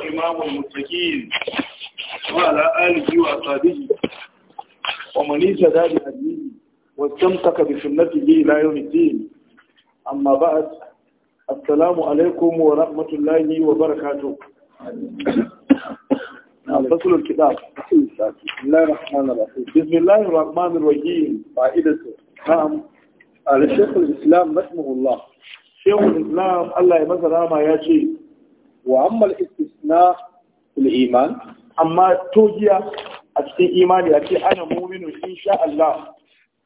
وإمام المتقين وعلى آله وأصحابه ومن اهتدى الدين واستمسك بسنته إلى يوم الدين أما بعد السلام عليكم ورحمة الله وبركاته فصل الكتاب بسم الله الرحمن الرحيم بسم الله الرحمن الرحيم فائدته نعم على شيخ الإسلام رحمه الله شيخ الإسلام الله يمثل ما يا شيخ wa ammal istisna fil iman amma togiya a cikin imani a ce ana mu'minun insha Allah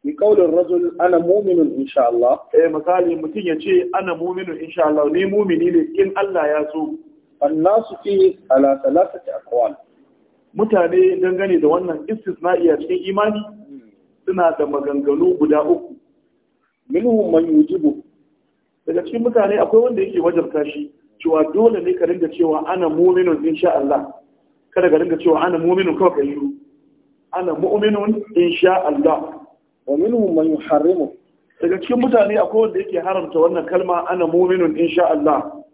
bi kaulin rajul ana mu'minun insha Allah eh misali mutum ya ce ana mu'minun insha Allah ni mu'mini ne in Allah ya so annasu fi ala mutane dangane da wannan istisna'i a cikin imani suna da maganganu guda uku minhum man yujibu daga cikin mutane akwai wanda yake wajabta shi cewa dole ne ka ringa cewa ana mu'minun insha Allah kada ka ringa cewa ana mu'minun kawai kai yi ana mu'minun insha Allah wa minhum man yuharrimu daga cikin mutane akwai wanda yake haramta wannan kalma ana mu'minun insha Allah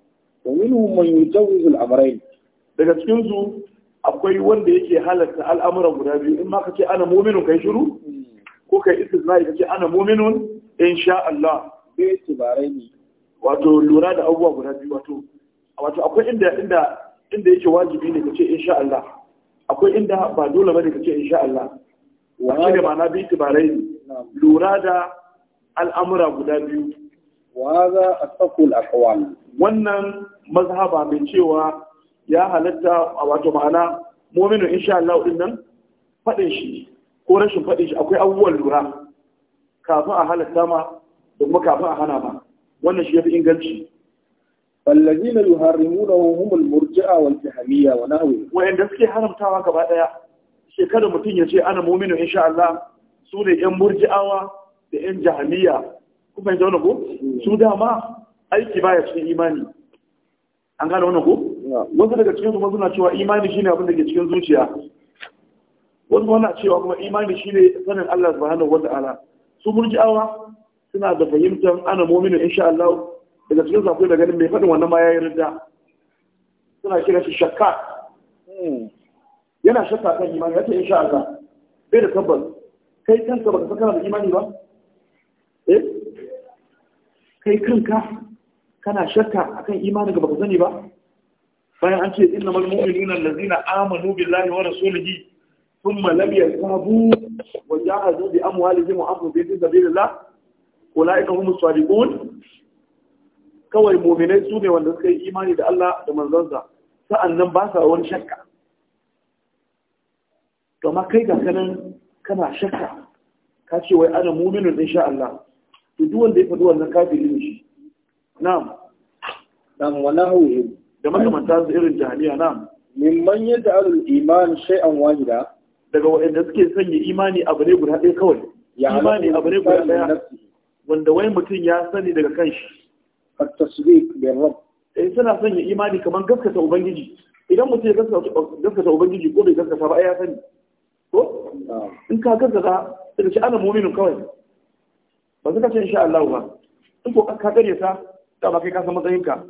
wa minhum man yujawwizu al-amrayn daga cikin su akwai wanda yake halatta al'amuran guda biyu in ma ka ce ana mu'minun kai shiru ko kai istisna ka ce ana mu'minun insha Allah bai tibarai wato lura da abubuwa guda biyu wato wato akwai inda inda inda yake wajibi ne kace insha Allah akwai inda ba dole bane kace insha Allah wa da ma'ana bi tibarai lura da al'amura guda biyu wa a asaqul aqwal wannan mazhaba mai cewa ya halatta a wato ma'ana mu'minu insha Allah din nan fadin shi ko rashin fadin shi akwai abubuwan lura kafin a halatta ma da kuma kafin a hana ma wannan shi yafi inganci فالذين يحرمونه هم المرجئه والجهميه ونحوهم وين da suke haramtawa gaba daya shekara mutun yace ana mu'minu insha Allah su ne yan murji'awa da yan jahmiya kuma yanzu wannan ko su dama aiki baya cikin imani an gane wannan ko wasu daga cikin su suna cewa imani shine abin da ke cikin zuciya kuma cewa kuma imani shine sanin Allah subhanahu wa ta'ala su murji'awa suna da fahimtar ana mu'minu insha Allah daga cikin sa da ganin mai faɗin wannan ma yayi yi ridda suna kira shi shakka hmm. yana shakka kan imani ya ce insha Allah bai da tabbas kai kanka baka kana da imani ba eh kai kanka kana shakka akan imanin ka baka sani ba bayan an ce innamal mu'minuna allazina amanu billahi wa rasulihi thumma lam yartabu wa jahadu bi amwalihim wa anfusihim fi sabilillah ulaika humus sadiqun kawai muminai su ne wanda suka yi imani da Allah da manzansa sa'annan ba sa wani shakka Gama kai ga kanan kana shakka ka ce wai ana muminin sha Allah to duk wanda ya faɗi wannan kafiri ne shi na'am dan walahu da makamanta su irin jahiliya na'am mimman yaj'alul iman shay'an wahida daga waɗanda suke sanya imani abu ne guda ɗaya kawai imani abu ne guda ɗaya wanda wai mutum ya sani daga kanshi at-tasdiq bil rabb eh suna sanya imani kamar gaskata ubangiji idan mutum ya gaskata ubangiji ko bai gaskata ba ai ya sani ko in ka gaskata daga ce ana mu'minin kawai ba suka ce insha Allah ba in ko ka gare sa ta ba kai ka san matsayin ka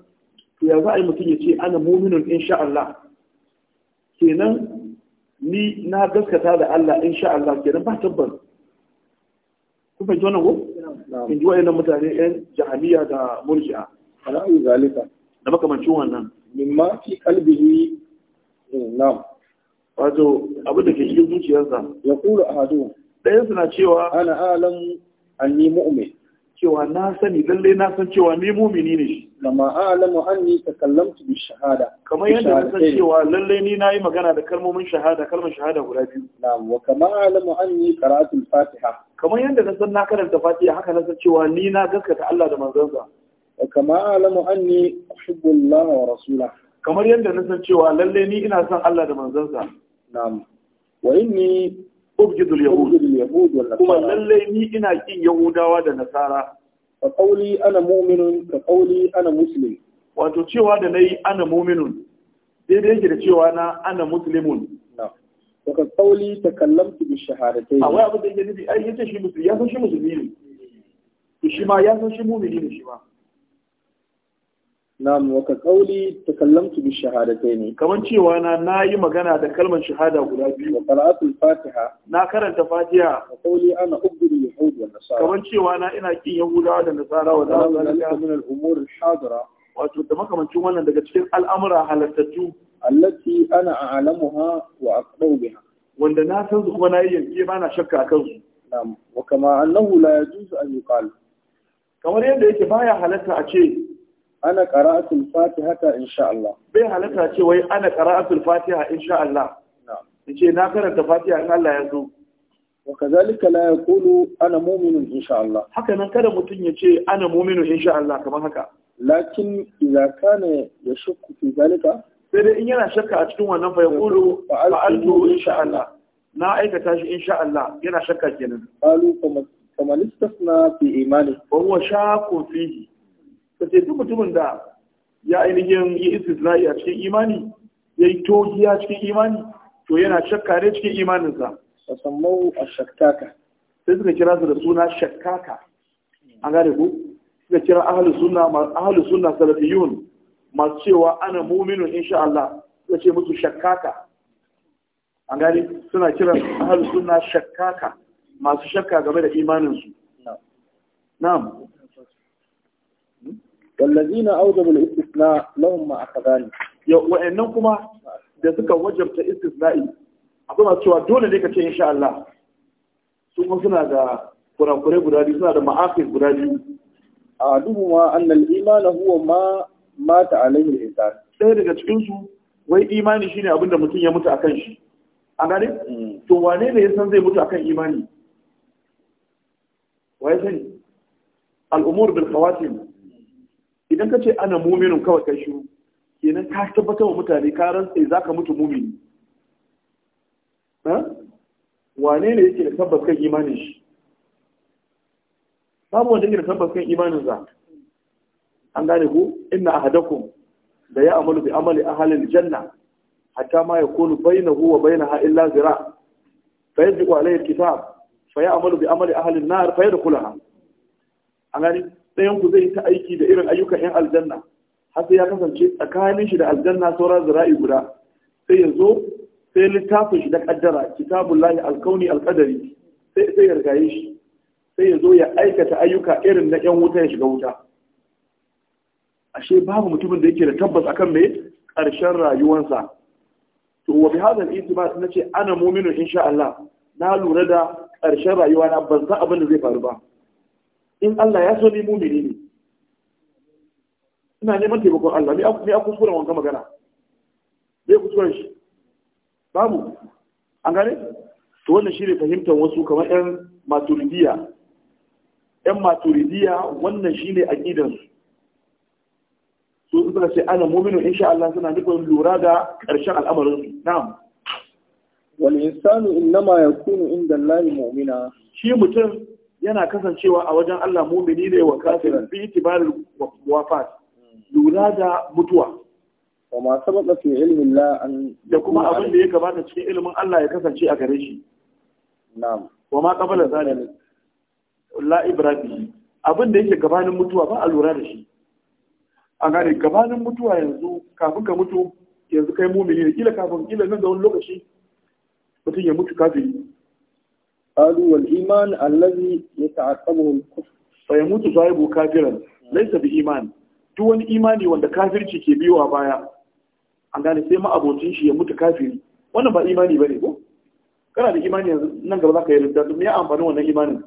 to ya za a yi mutum ya ce ana mu'minin insha Allah kenan ni na gaskata da Allah insha Allah kenan ba tabbas ku fahimci wannan ko in ji wa'annan mutane yan jahamiya da murji'a ala'u zalika da makamancin wannan mimma fi kalbihi eh, na'am wato abin da ke cikin zuciyarsa ya kula a hadu ɗayan suna cewa ana alam anni mu'min cewa na sani lallai na san cewa ni mumini ne shi lama ta anni takallamtu bi shahada kamar yadda na san cewa lallai ni na yi magana da kalmomin shahada kalmar shahada guda biyu na'am wa kama a'lamu anni qara'atu al-fatiha kamar yadda na san na karanta fatiha haka na san cewa ni na gaskata Allah da manzansa kama alamu anni uhibbullah wa rasula kamar yadda na san cewa lalle ni ina son Allah da manzansa na'am wa inni ubjidu al-yahud kuma lalle ni ina kin yahudawa da nasara fa qawli ana mu'minun ka qawli ana muslim wato cewa da nayi ana mu'minun daidai yake da cewa na ana muslimun daga kauli ta kallamtu bi shahadatai a wai abin da yake nufi ai yace shi musulmi ya san shi musulmi ne to shi ma ya san shi mu'mini ne shi ma na'am wa ka kauli ta kallamtu bi shahadatai ne kaman cewa na nayi magana da kalmar shahada guda biyu wa qara'atul fatiha na karanta fatiha wa kauli ana ubdu yahud wa nasara kaman cewa na ina kin yahudawa da nasara wa da min al-umur al-hadira wato da makamancin wannan daga cikin al'amura halattattu allati ana a'lamuha wa aqdau biha wanda na san su kuma nayi yi yanke ba na shakka a kansu na'am wa kama annahu la yajuzu an yuqal kamar yadda yake baya halatta a ce ana qara'atul fatihata insha Allah bai halatta ce wai ana qara'atul fatiha insha Allah na'am yace na karanta fatiha in Allah ya zo وكذلك لا يقول انا مؤمن ان شاء الله haka nan kada mutun yace ana mu'minu insha Allah kamar haka lakin idza kana yashukku fi zalika sai dai in yana shakka a cikin wannan fa yaqulu fa'altu insha Allah na aikata shi insha Allah yana shakka kenan qalu kama listasna fi imani wa huwa shakku fihi sai duk mutumin da ya ainihin yi istisna'i a cikin imani yayi togiya cikin imani to yana shakka ne cikin imaninsa fasammau a shakkaka sai suka kira su da suna shakkaka an gane ku suka kira ahlus sunna ahlus sunna salafiyun masu cewa ana mu'minu insha Allah suka ce musu shakkaka an gani suna kira ahlus sunna shakkaka masu shakka game da imanin su na'am hmm? wallazina awjabu al-istisna lahum ma akhadan ya wa'annan kuma da suka wajabta istisna'i akwai masu cewa dole ne ka ce insha Allah su kuma suna da kurakure guda biyu suna da ma'afis guda biyu ahaduhuma ma al-iman huwa ma mata alaihi al-insan sai daga cikin su wai imani shine abinda mutum ya mutu akan shi an gane mm. to wane ne ya san zai mutu akan imani waye sani al-umur bil khawatim idan ka ce ana muminun kawai kai shiru kenan ka tabbatar wa mutane ka rantsa zaka mutu mumini wane ne yake da tabbas kan imanin shi babu wanda yake da tabbas kan imanin sa an gane ku inna ahadakum da ya amalu bi amali ahli janna hatta ma yakunu bainahu wa bainaha illa zira fa yadqu alayhi alkitab fa ya'malu bi amali an nar fa yadkhulaha an gane dayan ku zai ta aiki da irin ayyukan yan aljanna har sai ya kasance tsakanin shi da aljanna sauran zira'i guda sai ya zo sai littafin shi na kaddara kitabullahi alkauni alqadari sai sai ya rigaye shi sai ya zo ya aikata ayyuka irin na yan wuta ya shiga wuta ashe babu mutumin da yake da tabbas akan mai ƙarshen rayuwarsa to wa bi hadal itibar nace ana mu'minu insha Allah na lura da ƙarshen rayuwa na ban san abin da zai faru ba in Allah ya so ni mumini ne ina neman taimakon Allah me me aku sura wanka magana me ku sura shi babu an gane to wannan shine fahimtar wasu kamar ɗan maturidiya yan maturidiya wannan shine a su su suka sai ana mu'minu insha Allah suna nufin lura da ƙarshen al'amarin Wani na'am wal insanu innama kunu inda Allah mu'mina shi mutum yana kasancewa a wajen Allah mu'mini ne wa kafirin bi itibarin wafat lura da mutuwa wa masu في علم الله da kuma abin da ya gabata cikin ilimin Allah ya kasance a gare shi na'am wa ma da zalika la ibrahim abin da yake gabanin mutuwa ba a lura da shi a gane gabanin mutuwa yanzu kafin ka mutu yanzu kai mumini ne kila kafin kila nan da wani lokaci mutum ya mutu kafiri qalu wal iman allazi yata'aqqabuhu al-kufr fa mutu sahibu kafiran laysa bi iman duk wani imani wanda kafirci ke biyowa baya an gane sai ma'abocin shi ya mutu kafiri wannan ba imani bane ko kana da imani yanzu nan gaba zaka yi rinta to ya amfani wannan imanin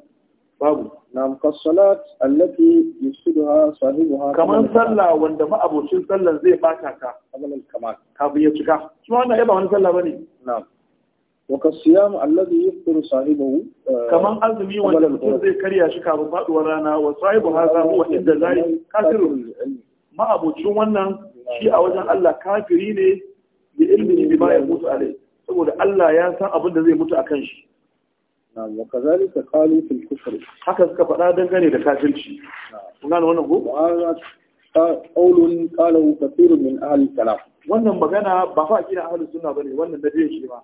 babu nam kasalat allati yusiduha sahibuha kaman sallah wanda ma'abocin sallan zai bata ka amalin kamal kafin ya cika Kuma ma wannan ba wani sallah bane na'am wa kasiyam alladhi yufṭiru sahibahu eh, kaman azumi wanda mutum zai karya shi kafin faduwar rana wa sahibu hadha huwa inda zai kafirun ma'abocin wannan shi a wajen Allah kafiri ne bi ilmihi bima yamutu alai saboda Allah ya san abin da zai mutu akan shi وكذلك قالوا في الكفر fil kufr haka suka faɗa dangane da kafirci kun gane wannan ko qawlun qalu kathirun min ahli kalam wannan magana ba fa akida ahli sunna bane wannan da biyan shi ba.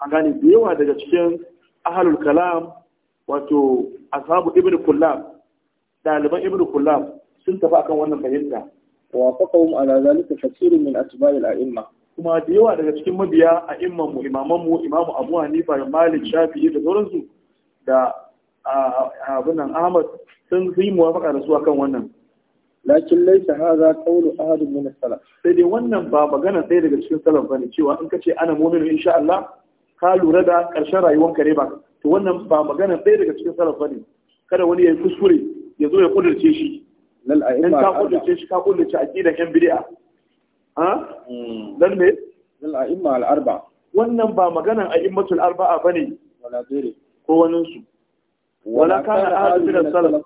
an gane da yawa daga cikin ahlul kalam wato ashabu Ibn Kullam, daliban Ibn Kullam, sun tafi akan wannan fahimta wa faqahum ala zalika kathirun min atba'il a'imma kuma da yawa daga cikin mabiya a imman mu imaman mu imamu abu hanifa da malik shafi da sauransu da abunan ahmad sun yi muwafaka da su akan wannan lakin laisa haza qawlu ahad min salaf sai dai wannan ba magana sai daga cikin salaf bane cewa in kace ana mu'minu insha Allah ka lura da karshen rayuwanka ne ba to wannan ba magana sai daga cikin salaf bane kada wani ya yi kuskure ya zo ya kudurce shi lal a'imma ka kudurce shi ka kudurce aqidan yan bid'a Hmm. dan me dal a'imma wannan ba maganan a'immatul arba'a bane wala ghairi ko wannan su wala kana ahadu da salaf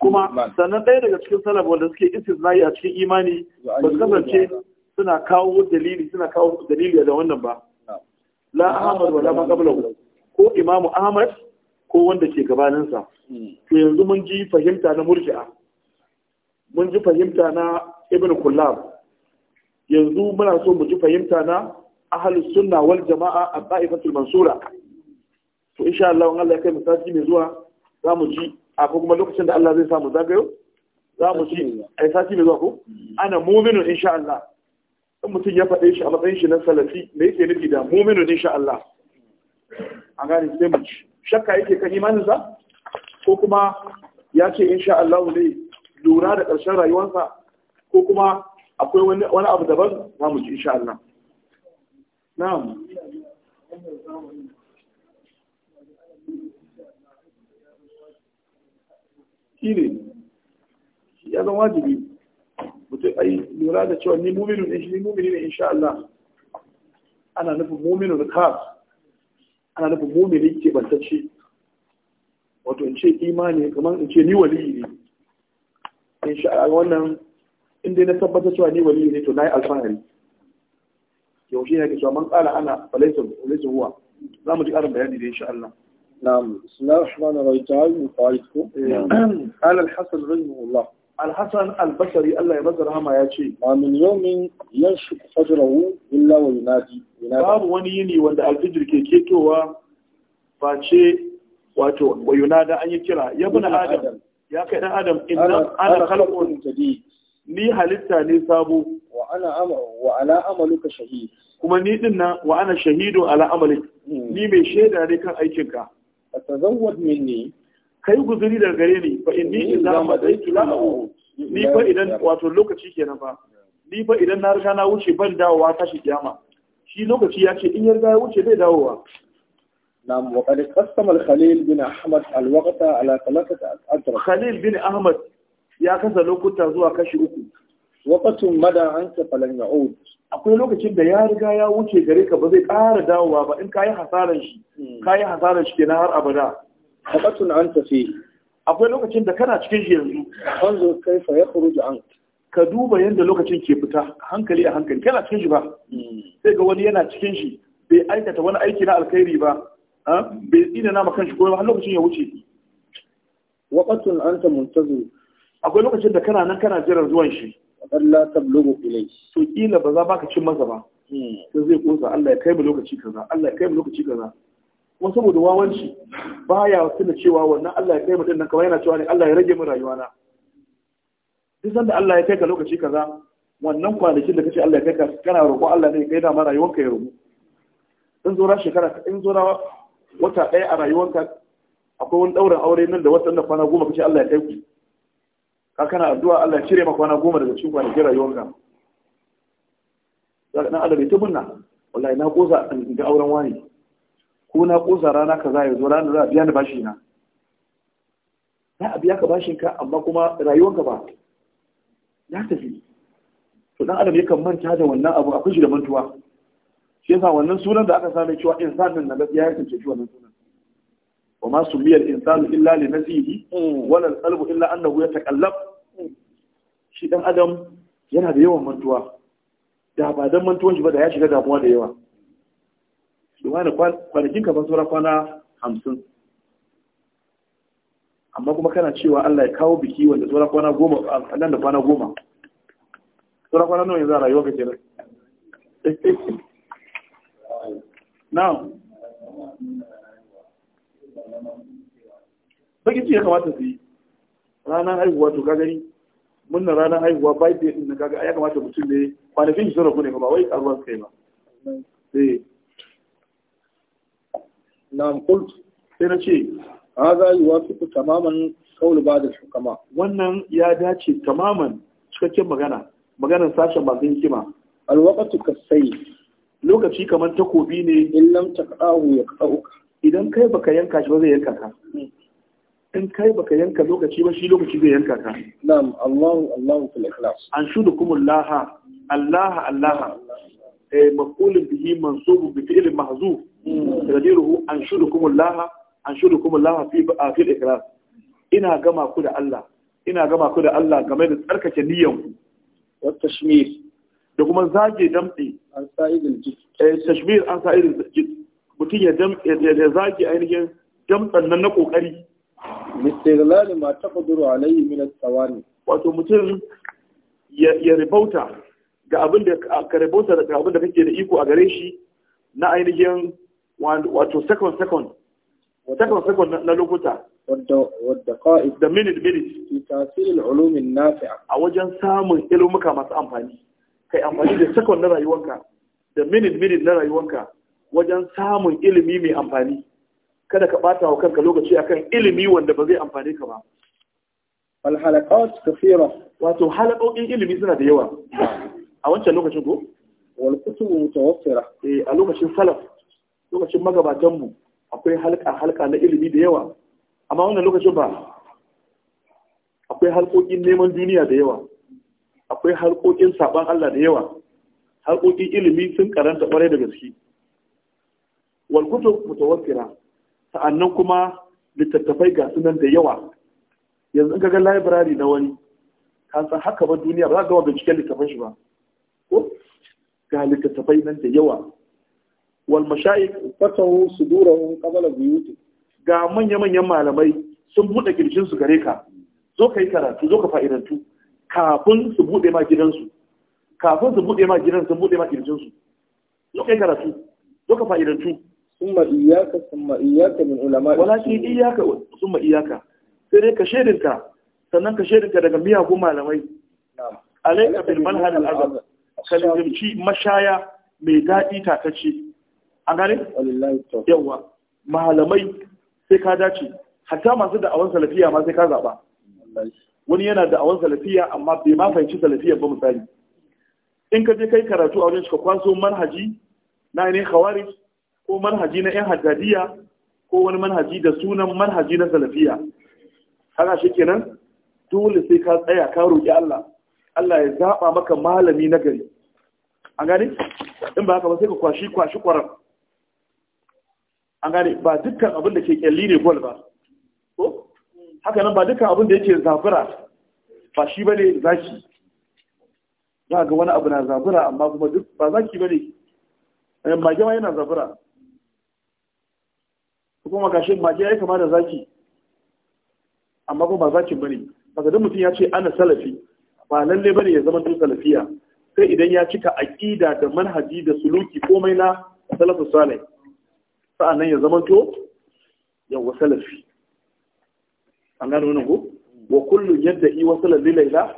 kuma sannan ɗaya daga cikin salaf wanda suke istisnai a cikin imani ba su kasance suna kawo dalili suna kawo dalili da wannan ba la ahmad wala ma qablahu ko imamu ahmad ko wanda ke gabaninsa hmm. to yanzu mun ji fahimta na murji'a mun ji fahimta na ibn kullab yanzu muna so mu ji fahimta na ahlus sunna wal jama'a a ta'ifatul mansura to insha Allah Allah ya kai mu sati mai zuwa za mu ji a kuma lokacin da Allah zai samu zagayo za mu ji a sati mai zuwa ko ana mu'minu insha Allah in mutum ya faɗe shi a matsayin shi na salafi me yake nufi da mu'minu insha Allah a gane sai mu shakka yake kan imaninsa ko kuma ya ce insha Allah ne lura da ƙarshen rayuwarsa ko kuma akwai wani abu daban za mu ji insha Allah na'am shi ne ya zama wajibi mutu a yi lura da cewa ni muminu ne shi ni mumini ne insha Allah ana nufin muminu da kas ana nufin mumini ke bantacce wato in ce imani kamar in ce ni waliyi ne insha Allah wannan in dai na tabbatar cewa ni wali ne to na yi alfahari yaushe ne ke cewa man kala ana falaisa falaisa huwa za mu ji karin bayani da insha Allah na'am bismillahir rahmanir rahim ta'al muqayyid ko eh. ala al-hasan rahimahullah al-hasan al-basri Allah ya bazara Rahama ya ce amin yawmin yashku fajrahu illa wa yunadi babu wani yini wanda al-fijr ke ketowa face wato wa yunada an yi kira ya bin adam kai dan adam inna ana ni halitta ne sabo wa ana wa ala amaluka shahid kuma ni din nan wa ana shahidu ala amali hmm. ni mai shaida ne kan aikinka fatazawwad minni kai guzuri daga gare ni fa inni idza ma dai a'ud ni fa idan wato lokaci kenan fa ni fa idan na riga na wuce ban dawowa tashi kiyama shi lokaci ya ce in ya riga ya wuce bai dawowa نعم وقد قسم الخليل بن أحمد الوقت على ثلاثة أطراف خليل بن أحمد ya kasa lokuta zuwa kashi uku Wakatun mada an ka falan ya'ud akwai lokacin da ya riga ya wuce gare ka ba zai ƙara dawowa ba in kayi hasaran shi hmm. kayi hasaran shi kenan har abada Wakatun an tafi akwai lokacin da kana cikin shi yanzu kai ya kaifa da an ka duba yadda lokacin ke fita hankali a hankali kana cikin shi ba hmm. sai ga wani yana cikin shi bai aikata wani aiki na alkhairi ba ah, bai tsina na makan shi ko har lokacin ya wuce waqatun ta muntazu akwai lokacin da kana nan kana jiran zuwan shi Allah ta blogo ilai to kila ba za baka cin masa ba sai hmm. zai kosa Allah ya kai mu lokaci kaza Allah ya kai mu lokaci kaza kuma saboda wawanci baya tuna cewa wannan Allah ya kai mu dinnan nan kamar yana cewa ne Allah ya rage mu rayuwana duk sanda Allah ya kai ka lokaci kaza wannan kwanakin da kace Allah ya kai ka kana roƙo Allah ne ya kai da ma rayuwarka ya rubu in zo shekara in zo wata ɗaya a rayuwanka akwai wani ɗaurin aure nan da watan da kwana goma kace Allah ya kai ku ka na addu'a Allah cire maka kwana goma daga cikin kwanakin rayuwarka za ka dan adam ya tubunna wallahi na kosa in ga auren wani ko na ƙosa rana ka kaza ya zo rana za a biya ni bashi na za a biya ka bashin ka amma kuma rayuwarka ba ya tafi to dan adam yakan manta da wannan abu akwai shi da mantuwa shi yasa wannan sunan da aka same cewa insan din na gaskiya ya kance cewa wannan sunan wa ma sumiya al-insanu illa li nafsihi mm. wa al-qalbu illa annahu yataqallab shi dan adam yana da yawan mantuwa da ba dan mantuwan shi ba da ya shiga damuwa da yawa domin da kwanakin kafin saura kwana hamsin amma kuma kana cewa Allah ya kawo biki wanda saura kwana goma nan da kwana goma saura kwana nawa yanzu a rayuwa ka kenan now bakin ci ya kamata su yi ranar haihuwa to ka gani murnar ranar haihuwa birthday din na kaga ya kamata mutum ne kwanakin shi sarrafa ne ba wai karuwa su kai ba sai eh. na'am sai na ce A hadha fi tamaman qawl ba da shukama. wannan ya dace tamaman cikakken magana maganar sashen masu hikima ka sai lokaci kamar takobi ne in ya idan kai baka yanka shi ba zai yanka ka hmm. in kai baka yanka lokaci ba shi lokaci zai yanka ka na'am Allahu Allahu fil ikhlas an shudukum Allah Allah Allah eh maqulun bihi mansubun bi hmm. ah, fi'l mahzuf tadiruhu an shudukum Allah an shudukum Allah fi fi ikhlas ina gama ku da Allah ina gama ku da Allah game da tsarkake niyyar ku wa tashmir da kuma zage damɗe an sa'idul jid eh tashmir an sa'idul jid mutum ya zage ainihin damɗan nan na kokari Mistirlali ma ta kuduru alayhi min as-sawani. Wato mutum ya ribauta ga abin da ka ribauta da abin da kake da iko a gare shi na ainihin wato second second second second na lokuta. Wadda qa'id da minute minute. Ki tasirin ulumin nafi'a. A wajen samun ilmuka masu amfani. Kai amfani da second na rayuwanka da minute minute na rayuwanka wajen samun ilimi mai amfani. kada ka bata wa kanka lokaci akan ilimi wanda ba zai amfane ka ba al halaqat kathira wato halaqoqin ilimi suna da yawa a wancan lokacin ko wal kutub mutawaffira eh a lokacin salaf lokacin magabatan mu akwai halqa halqa na ilimi da yawa amma wannan lokacin ba akwai halqoqin neman duniya da yawa akwai halqoqin saban Allah da yawa halqoqin ilimi sun karanta kwarai da gaske wal mu mutawaffira sa'annan kuma littattafai ga sunan da yawa yanzu in ga library na wani ka san haka ba duniya ba za ka ga binciken littattafan shi ba ko ga littattafai nan da yawa wal mashayikh fatahu sudurahum qabla buyuti ga manya-manyan malamai sun buɗe kirjin su gare ka zo ka yi karatu zo ka fa'idantu kafin su buɗe ma gidansu kafin su buɗe ma gidan sun buɗe ma kirjin su zo ka yi karatu zo ka fa'idantu summa iyaka summa iyaka min ulama walakin iyaka summa iyaka sai dai ka shedinka sannan ka shedinka daga miyagun malamai alaika bil manhaj al azab kalimci mashaya mai daɗi takacce an gane yawa malamai sai ka dace hatta masu da'awan salafiya ma sai ka zaɓa wani yana da'awan salafiya amma bai ma fahimci salafiya ba misali in ka je kai karatu a wajen shi ka kwaso manhaji na ainihin khawarij ko manhaji na 'yan hajjadiya ko wani manhaji da sunan manhaji na salafiya haka shi kenan dole sai ka tsaya ka roƙi Allah Allah ya zaɓa maka malami na gari an gane in ba haka ba sai ka kwashi kwashi kwarar an gane ba dukkan abin da ke kyalli ne gol ba ko haka nan ba dukkan abin da yake zafira ba shi bane zaki za ga wani abu na zafira amma kuma duk ba zaki bane eh, mage ma yana zafira su kuma shin mage ya kama da zaki amma kuma ba zaki bane daga duk mutum ya ce ana salafi ba lalle bane ya zama salafiya sai idan ya cika aqida da manhaji da suluki komai na salafu salih sa'annan ya zama to yawa salafi an gano wannan ko wa kullu yadda i wasala li laila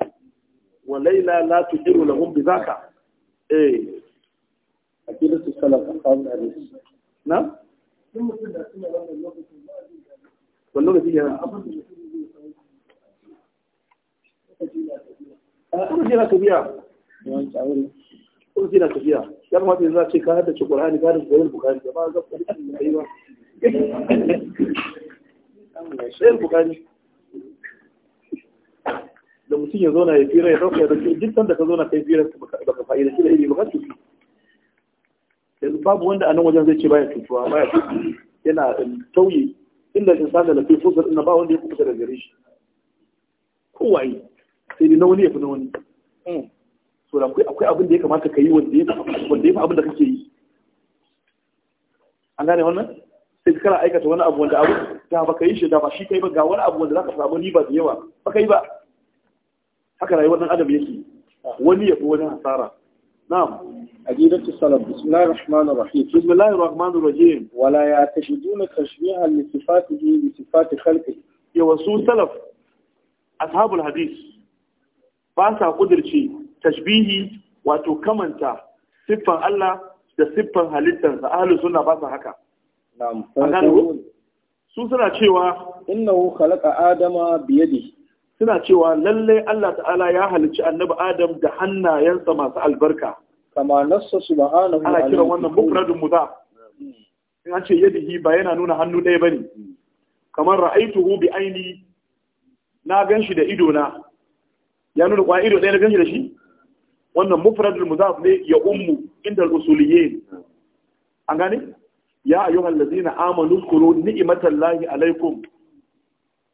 wa laila la tujiru lahum bi zaka eh aqidatu salaf qawlan na in mutum da suna wannan lokacin ba zai yana na tafiya na tafiya ya kamata yanzu a ce ka haddace qur'ani ka haddace sahih bukari, da ba za ka yi ba sahih bukari. da mutum ya zauna ya fira ya ɗauka ya dauki duk sanda ka zauna kai fira baka fa'ida shi da ba baka cuci yanzu babu wanda a nan wajen zai ce baya tutuwa baya yana um, tauye inda insan da lafi fusar ina ba wanda ya fita da gare shi kowaye sai ne na wani ya fi na wani hmm. so da akwai abin da ya kamata ka yi wanda ya fi abin da kake yi an gane wannan sai kana aikata wani abu wanda abu da ba ka yi shi da ba shi kai ba ga wani abu wanda za ka samu riba da yawa ba ka yi ba haka rayuwar nan adam yake wani ya fi wani hasara na'am عقيدة السلف بسم الله الرحمن الرحيم بسم الله الرحمن الرحيم ولا يعتقدون تشبيها لصفاته بصفات خلقه يوسو سلف أصحاب الحديث باسا قدرتي تشبيهي wato kamanta siffan Allah da siffan halittarsa ahlus sunna ba su haka su suna cewa innahu khalaqa adama ne. suna cewa lalle Allah ta'ala ya halicci annabi Adam da hannayensa masu albarka kama nassa subhanahu ana kira wannan mufradun mudaf in an ce yadihi ba yana nuna hannu ɗaya bane kamar ra'aituhu bi aini na ganshi da ido na ya nuna kwa ido ɗaya na ganshi da shi wannan mufradul mudaf ne ya ummu inda al-usuliyyin an gane ya ayyuhal ladzina amanu zkuru ni'matallahi alaikum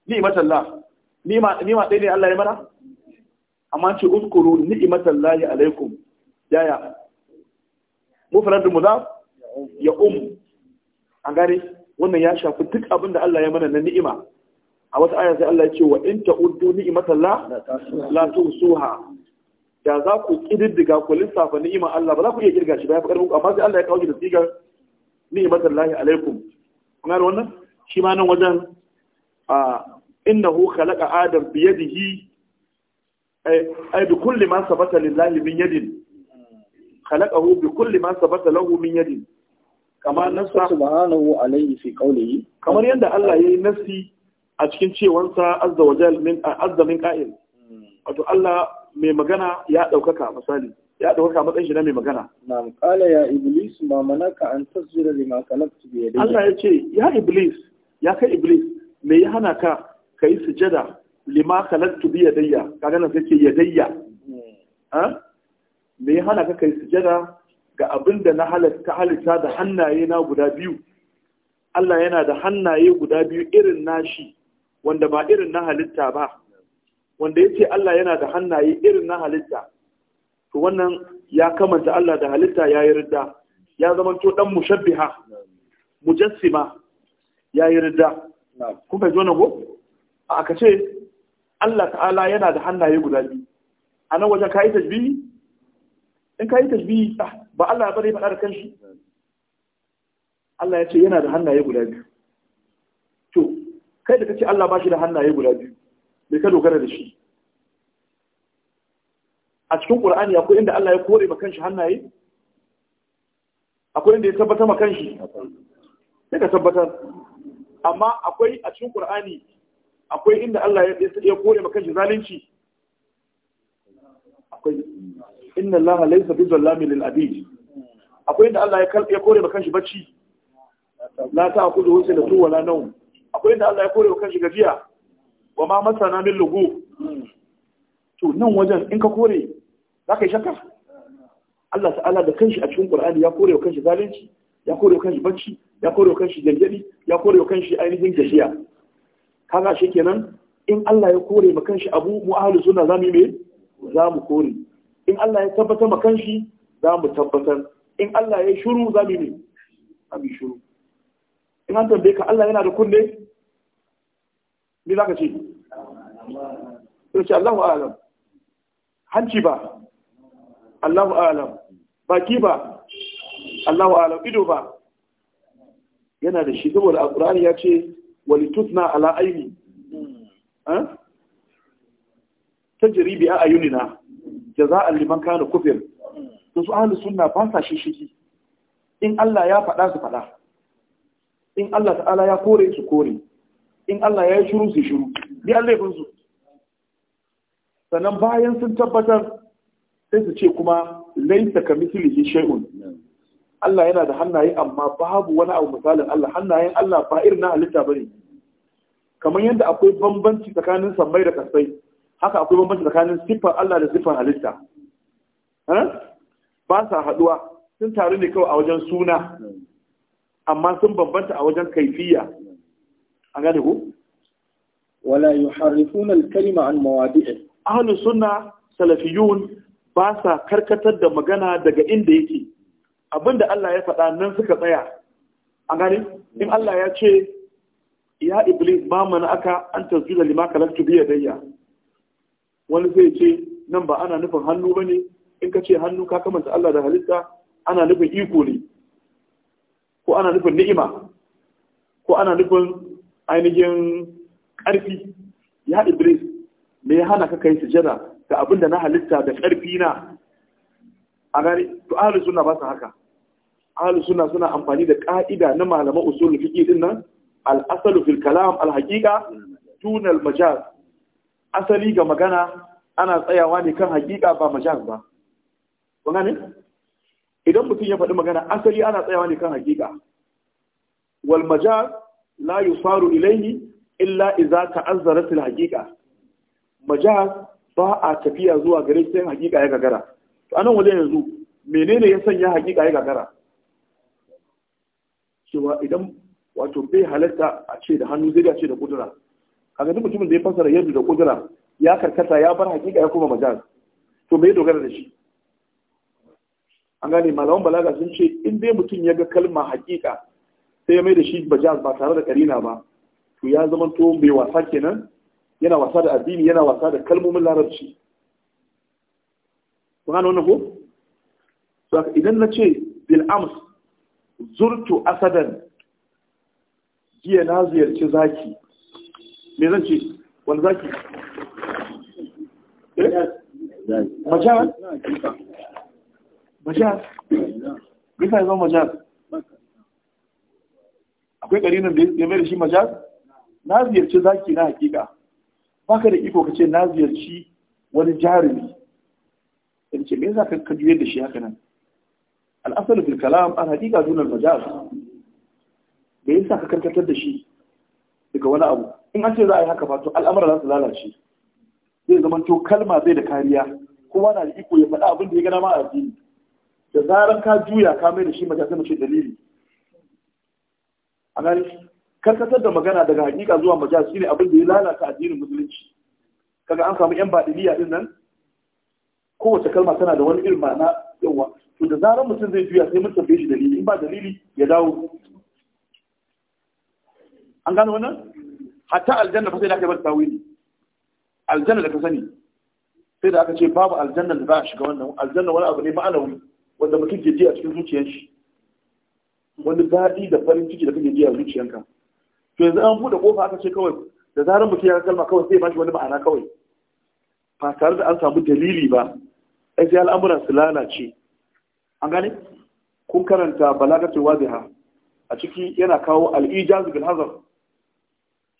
ni'matallah ni'ma ni'ma ɗaya ne Allah ya mana amma ce uskuru ni'matallahi alaikum yaya mu za ya um an gane wannan ya shafi duk abin da Allah ya mana na ni'ima a wata aya sai Allah ya ce wa in ta'uddu ni'matallah la tuhsuha da za ku kididdiga ku lissafa ni'imar Allah ba za ku iya kirga shi ba ya fi karfin amma sai Allah ya kawo shi da sigar ni'matallahi alaikum kun gane wannan shi ma nan wajen a innahu khalaqa adam bi yadihi ay bi kulli ma sabata lillahi min yadin khalaqahu bi kulli ma sabata lahu min yadi kama nasa subhanahu alayhi fi qawlihi kamar yadda Allah yayi nasi a cikin cewansa azza wa min azza min qa'il hmm. wato Allah mai magana ya daukaka misali ya ɗauka matsayin shi na mai magana. Na kala ya Iblis ma manaka an tasvira lima kalaktu bi yadayya. Allah ya ce ya Iblis ya kai Iblis me ya hana ka ka yi sujada lima kalaktu bi yadayya kaga nan sai yadayya. Ha? Hmm. Ah? me ya hana ka kai sujada ga abin da na halatta halitta da hannaye na guda biyu Allah yana da hannaye guda biyu irin nashi wanda ba irin na halitta ba wanda yace Allah yana da hannaye irin na halitta to wannan ya kamanta Allah da halitta yayi ridda ya zama to dan mushabbiha mujassima yayi ridda kuma ji wannan ko aka ce Allah ta'ala yana da hannaye guda biyu a nan wajen kayi tajbihi in ka yi tasbihi ah, ba Allah bari faɗa da kanshi Allah ya ce yana da hannaye guda biyu to kai da kace Allah ba shi da hannaye guda biyu me ka dogara da shi a cikin Qur'ani akwai inda Allah ya kore maka kanshi hannaye akwai inda ya tabbata maka kanshi sai ka tabbatar amma akwai a cikin Qur'ani akwai inda Allah ya kore maka kanshi zalunci akwai inna allaha laysa bi zallamin lil abid akwai inda Allah ya kore maka kanshi bacci la da husnatu wala nau akwai inda Allah ya kore maka kanshi gajiya wa ma masana min lugu to nan wajen in ka kore za ka yi shakka Allah ta'ala da kanshi a cikin Qur'ani ya kore maka shi zalunci ya kore maka kanshi bacci ya kore maka kanshi jaljali ya kore maka kanshi ainihin gajiya kaga kenan in Allah ya kore maka kanshi abu mu ahlus sunna zamu yi me zamu kore in Allah ya tabbatar ma kanshi za mu tabbatar in Allah ya shuru za mu yi za mu shuru in an tambaye ka Allah yana da kunne me za ka ce sai ce Allahu a'lam hanci ba Allahu a'lam baki ba Allahu a'lam ido ba yana da shi saboda alqur'ani ya ce walitusna ala aini tajri a ayunina jaza'an liman kana kufir to su ahli sunna ba sa shishigi in Allah ya faɗa su faɗa in Allah ta'ala ya kore su kore in Allah ya yi shiru su shiru bi laifin su sannan bayan sun tabbatar sai su ce kuma laisa ka shi shay'un Allah yana da hannaye amma babu wani abu misalin Allah hannayen Allah ba irin na halitta bane kamar yadda akwai bambanci tsakanin sammai da kasai haka akwai bambanci tsakanin siffar Allah da siffar halitta eh? ba sa haduwa sun taru ne kawai a wajen suna amma sun bambanta a wajen kaifiya an gane ku wala yuharrifuna al-kalima an mawadi'i ahli sunna salafiyun ba sa karkatar da magana daga inda yake abinda Allah ya faɗa nan suka tsaya an gane in Allah ya ce ya iblis ba mana aka an tasjuda lima kalaktu biya dayya wani zai ce nan ba ana nufin hannu ba ne in ka ce hannu ka kamanta Allah da halitta ana nufin iko ne ko ana nufin ni'ima ko ana nufin ainihin ƙarfi ya Idris me ya hana ka kai sujada ga abin da na halitta da ƙarfi na a gane to ahlus sunna ba su haka ahlus sunna suna amfani da ƙa'ida na malaman usulul fiqh din nan al asalu fil kalam al haqiqa tunal majaz asali ga magana ana tsayawa ne kan hakika ba majaz ba kuna ne idan mutum ya faɗi magana asali ana tsayawa ne kan hakika wal majaz la yusaru ilayhi illa idza ta'azzarat al hakika majaz ba a tafiya zuwa gare sai hakika ya gagara to anan wajen yanzu menene ya sanya hakika ya gagara cewa idan wato bai halatta a ce da hannu zai ce da kudura kaga duk mutumin da ya fassara yadda da kudura ya karkata ya bar hakika ya kuma majaz to me dogara da shi an gane malaman balaga sun ce in dai mutum ya ga kalma hakika sai ya mai da shi majaz ba tare da karina ba to ya zama to mai wasa kenan yana wasa da addini yana wasa da kalmomin larabci kun gane wannan ko saka idan na ce bil ams zurtu asadan jiya na ziyarci zaki me zan ce wani zaki majar majar bisa zama majar akwai ƙarinan da ya mai da shi majar na ziyarci zaki na hakika baka da iko ka ce na ziyarci wani jarumi in ce me za ka ka juyar da shi haka nan al'asar fil kalam an hakika dunar majaz da yasa ka karkatar da shi daga wani abu in an ce za a yi haka ba to al'amura za su lalace zai zama to kalma zai da kariya kowa na da iko ya faɗa abin da ya gana ma a addini da zaran ka juya ka mai da shi mace sai mace dalili a gani karkatar da magana daga hakika zuwa majal shine abin da ya lalata addinin musulunci kaga an samu yan baɗiliya din nan kowace kalma tana da wani irin ma'ana yawa to da zaran mutum zai juya sai mun tambaye shi dalili in ba dalili ya dawo an gano wannan hatta aljanna fa sai da aka bar tawili aljanna da ka sani sai da aka ce babu aljanna da za a shiga wannan aljanna wani abu ne ma'anawi wanda mutum ke ji a cikin zuciyar shi wani daɗi da farin ciki da kake ji a zuciyarka to yanzu an buɗe kofa aka ce kawai da zarar mutum ya kalma kawai sai ba shi wani ma'ana kawai ba tare da an samu dalili ba ai sai al'amuran su lalace an gane kun karanta balagatul wadiha a ciki yana kawo al'ijaz bil hazar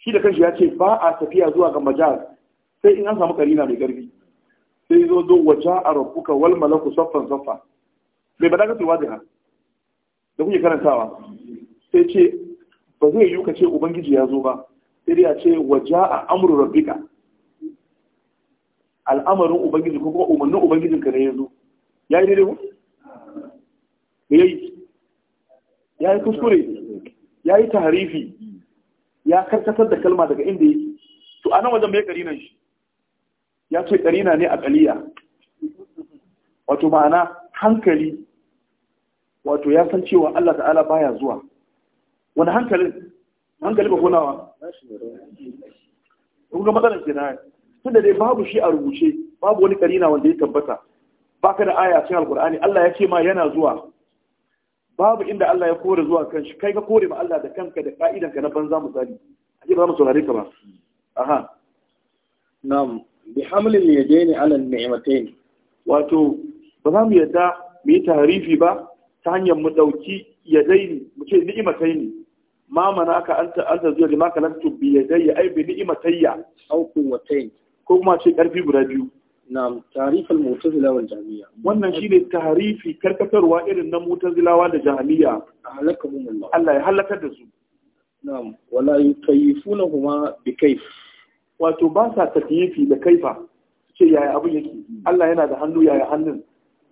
shi da kanshi ya ce ba a tafiya zuwa ga majaz sai in an samu karina mai garbi sai zo zo waja a ku wal malaku saffan saffa bai bada kasu ha da kuke karantawa sai ce ba zai yi ka ce ubangiji ya zo ba sai dai ya ce waja a amuru rabbika al'amarin ubangiji ko kuma umarnin ubangijin ka ne ya zo ya yi daidai ya yi ya yi kuskure ya yi taharifi ya karkatar da kalma daga inda yake to anan wajen mai karinan shi ya ce karina ne a kaliya wato ma'ana hankali wato ya san cewa Allah ta'ala baya zuwa wani hankalin hankali ba kunawa kun ga matsalar ke na tunda dai babu shi a rubuce babu wani karina wanda ya tabbata baka da aya cikin alkur'ani Allah ya ce ma yana zuwa babu inda Allah ya kore zuwa kanshi kai ka kore ma Allah da kanka da ka'idan ka na banza misali aje ba mu saurare ka ba aha nam bi hamlil yadaini ala ni'matayn wato ba za mu yadda mu yi tarifi ba ta hanyar mu dauki yadaini mu ce ni'matayn ma ka anta anta zuwa lima lantu bi yadayya ai bi ni'matayya au quwwatayn ko kuma ce karfi guda biyu na'am tarifin mutazila wal jahmiya wannan shine tarifi karkatarwa irin na mutazilawa da jahmiya halakahumullah Allah ya halakar da su na'am wala yukayifunahuma bi kayf wato ba sa takyifi da kaifa ce yaya abin yake Allah yana da hannu yaya hannun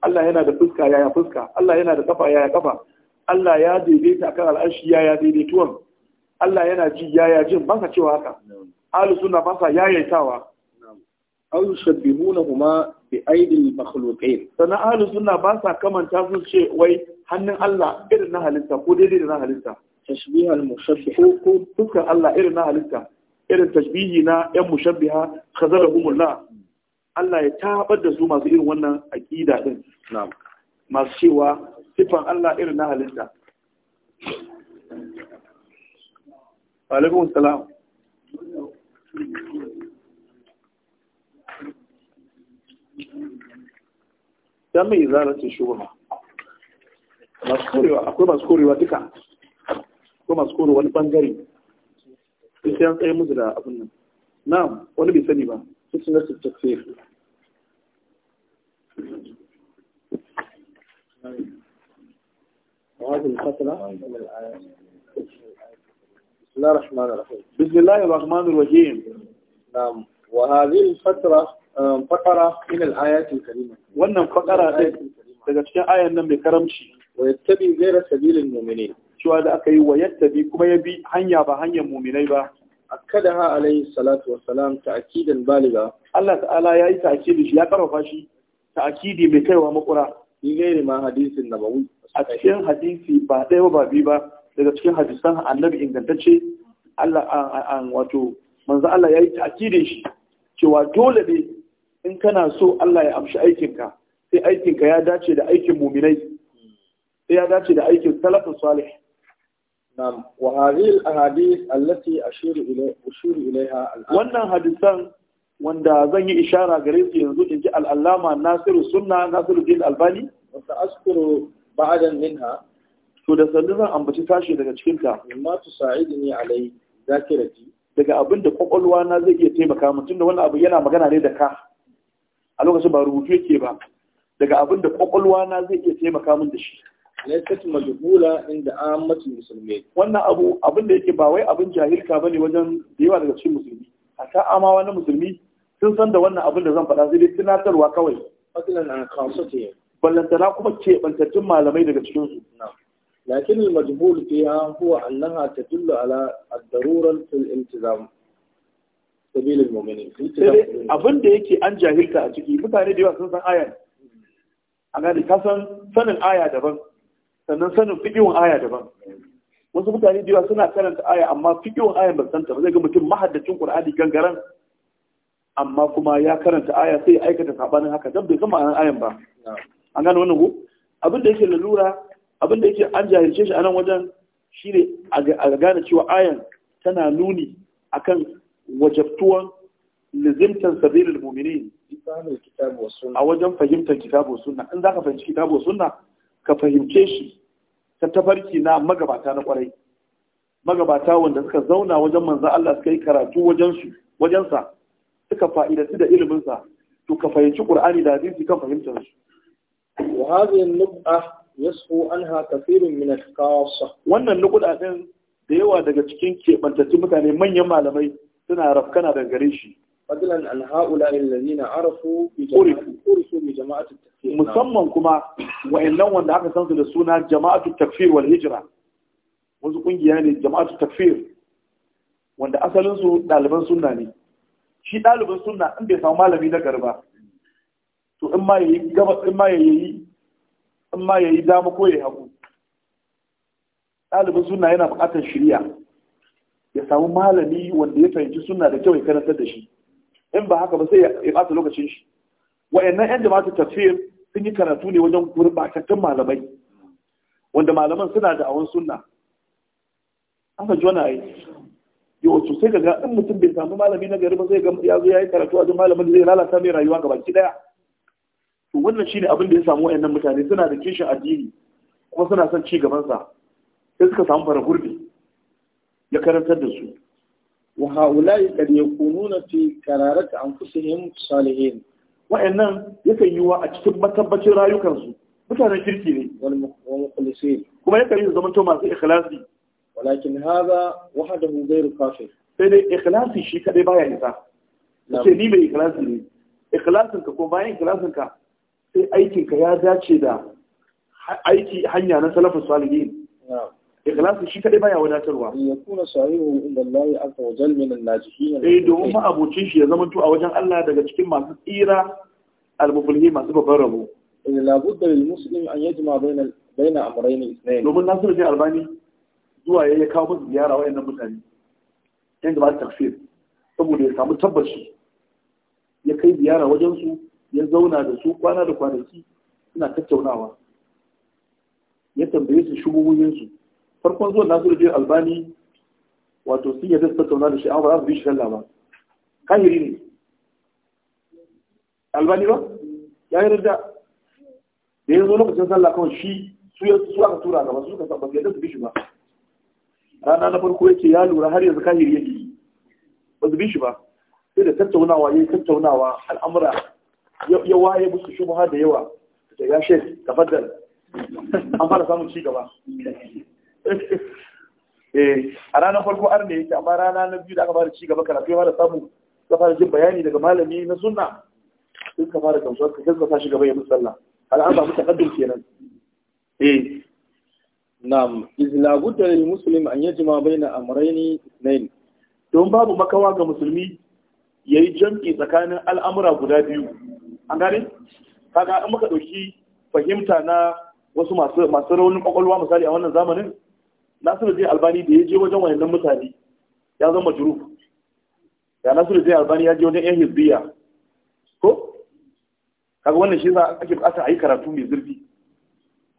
Allah yana da fuska yaya fuska Allah yana da kafa yaya kafa Allah ya daidaita kan al'arshi yaya daidaituwan Allah yana ji yaya jin ba sa cewa haka ahlus sunna ba sa yayaitawa aw kuma bi aidin makhluqin sana ahlus sunna ba sa kamanta su ce wai hannun Allah irin na halitta ko daidai da na halitta tashbih al mushabbih ko dukkan Allah irin na halitta irin tashbihi na yan mushabbiha khazarahumullah Allah ya tabar da su masu irin wannan aqida din na'am masu cewa sifan Allah irin na halitta alaikum salam تامي إزالة الشغل مذكوري أكون مذكوري وديك أكون مذكوري نعم وأنا بيسني بقى في سنة وهذه الفترة بسم الله الرحمن الرحيم بسم الله الرحمن الرحيم نعم وهذه الفترة Um, fakara min al-ayatil karima wannan fakara din daga cikin ayan nan mai karamci wa yattabi ghayra sabilil mu'minin cewa da aka yi wa yattabi kuma ya bi hanya ba hanyar mu'minai ba akadaha alayhi salatu wa salam ta'kidan baliga Allah ta'ala ya yi ta'kidi shi ya karfafa shi ta'kidi mai kaiwa makura ni gairi ma hadisin nabawi a cikin hadisi ba ɗaya ba bi ba daga cikin hadisan annabi ingantacce Allah an wato manzo Allah ya yi ta'kidin shi cewa dole ne in kana so Allah ya amshi aikinka sai aikinka ya dace da aikin muminai sai ya dace da aikin salafin salih nam wa hadhihi alhadith allati ashiru ilay ushiru ilayha wannan hadisan wanda zan yi ishara gare su yanzu in ji al-allama Nasiru Sunna Nasiru Din Albani wa sa'askuru ba'dan minha to da sannu zan ambaci tashi daga cikin ta amma tu sa'idni alai zakirati daga abin da kwakwalwa na zai iya taimaka mutum da wannan abu yana magana ne da ka a lokacin ba rubutu yake ba daga abin da kwakwalwa na zai iya taimaka min da shi laysat majhula inda mace musulmi wannan abu abin da yake ba wai abin jahilka ne wajen da yawa daga cikin musulmi A amawa na musulmi sun san da wannan abin da zan faɗa sai dai tunatarwa kawai fadlan an ballantana kuma ke bantattun malamai daga cikin su lakin al majhul fiha huwa annaha tadullu ala ad-darura fil sabilil abin da yake an jahilta a ciki mutane da yawa sun san aya a gani ka san sanin aya daban sannan sanin fiqhun aya daban wasu mutane da yawa suna karanta aya amma fiqhun aya ban san ta ba zai ga mutum mahaddacin qur'ani gangaren amma kuma ya karanta aya sai ya aikata sabanin haka dan bai san ma'anar ayan ba an gane wannan ko abin da yake lalura abin da yake an jahilce shi a nan wajen shine a gane cewa ayan tana nuni akan wajabtuwan lizimtan sabilil mu'minin a wajen fahimtar kitabu sunna in za ka fahimci kitabu sunna ka fahimce shi ta tafarki na magabata na kwarai magabata wanda suka zauna wajen manzan Allah suka yi karatu wajensa suka fa'idatu da iliminsa to ka fahimci Qur'ani da hadisi kan fahimtar su wa hadhihi an-nub'a yasfu anha kathirun min al-khassa wannan nukuda din da yawa daga cikin kebantattun mutane manyan malamai suna rafkana daga gare shi fadlan an haula alladhina arafu bi jama'ati bi jama'ati takfir musamman kuma wa'annan wanda aka san su da suna jama'atu takfir wal hijra wasu kungiya ne jama'atu tafiyar. wanda asalin su ɗaliban sunna ne shi ɗaliban sunna in bai samu malami na garba to in ma yayi gaba in ma yayi in ma yayi dama ko yayi hagu ɗalibin suna yana buƙatar shirya ya samu malami wanda ya fahimci suna da kyau ya karantar da shi in ba haka ba sai ya ɓata lokacin shi wa'annan yan jama'atu tafsir sun yi karatu ne wajen gurɓatattun malamai wanda malaman suna da awon sunna an jona wani ayi yau sai ga in mutum bai samu malami na gari ba sai ya zo ya yi karatu a duk malamin zai lalata mai rayuwa gaba ki daya to wannan shine abin da ya samu wa'annan mutane suna da kishin addini kuma suna son ci gaban sa sai suka samu fara gurbi ya karantar da su wa haula'i kad yakununa fi qararati anfusihim salihin wa'annan yakan yi wa a cikin matabbacin rayukansu mutanen kirki ne wa mukhlisin kuma yakan yi zaman to masu ikhlasi walakin hadha wahdahu ghayru kafir sai dai ikhlasi shi kadai baya isa ce ni mai ikhlasi ne ikhlasin ka ko bayan ikhlasin ka sai aikin ka ya dace da aiki hanya na salafus salihin ikhlasu shi kadai baya wadatarwa ya kuna sahihu inda Allah azza wa jalla min an-najihin eh domin ma shi ya zama to a wajen Allah daga cikin masu tsira al mufulhi masu babban rabo eh la budda lil muslim an yajma bayna bayna amrayn ithnayn domin nasu da Albani zuwa ya kawo musu ziyara wayannan mutane da ba tafsir saboda ya samu tabbaci ya kai ziyara wajen su ya zauna da su kwana da kwanaki suna tattaunawa ya tambaye su shubuhoyin su farkon zuwan nasiruddin albani wato sun yadda su tattauna da shi an ba za su bi shi ba kahiri ne albani ba ya yi rida da ya zo lokacin sallah kawai shi su su aka tura gaba su ka sabba yadda su bi ba rana na farko yake ya lura har yanzu kahiri yake yi ba su bi ba sai da tattaunawa ya yi tattaunawa al'amura ya waye musu shubuha da yawa da ya shek tafaddal an fara samun ci gaba eh a ranar farko an yake amma rana na biyu da aka fara ci gaba karatu ya fara samu ka fara jin bayani daga malami na sunna sun ka fara gamsuwa ka sa shi gaba ya musalla sallah an ba mu takaddum kenan eh nam izla gudda lil muslim an yajma baina amrayni ithnain. Don babu makawa ga musulmi yayi jam'i tsakanin al'amura guda biyu. An gane? Kaga an muka dauki fahimta na wasu masu masu raunin kwakwalwa misali a wannan zamanin nasiruddin albani da ya je wajen wayannan mutane ya zama juruf ya nasiruddin albani ya je wajen yan hizbiya ko kaga wannan shi za ake bukata a yi karatu mai zurfi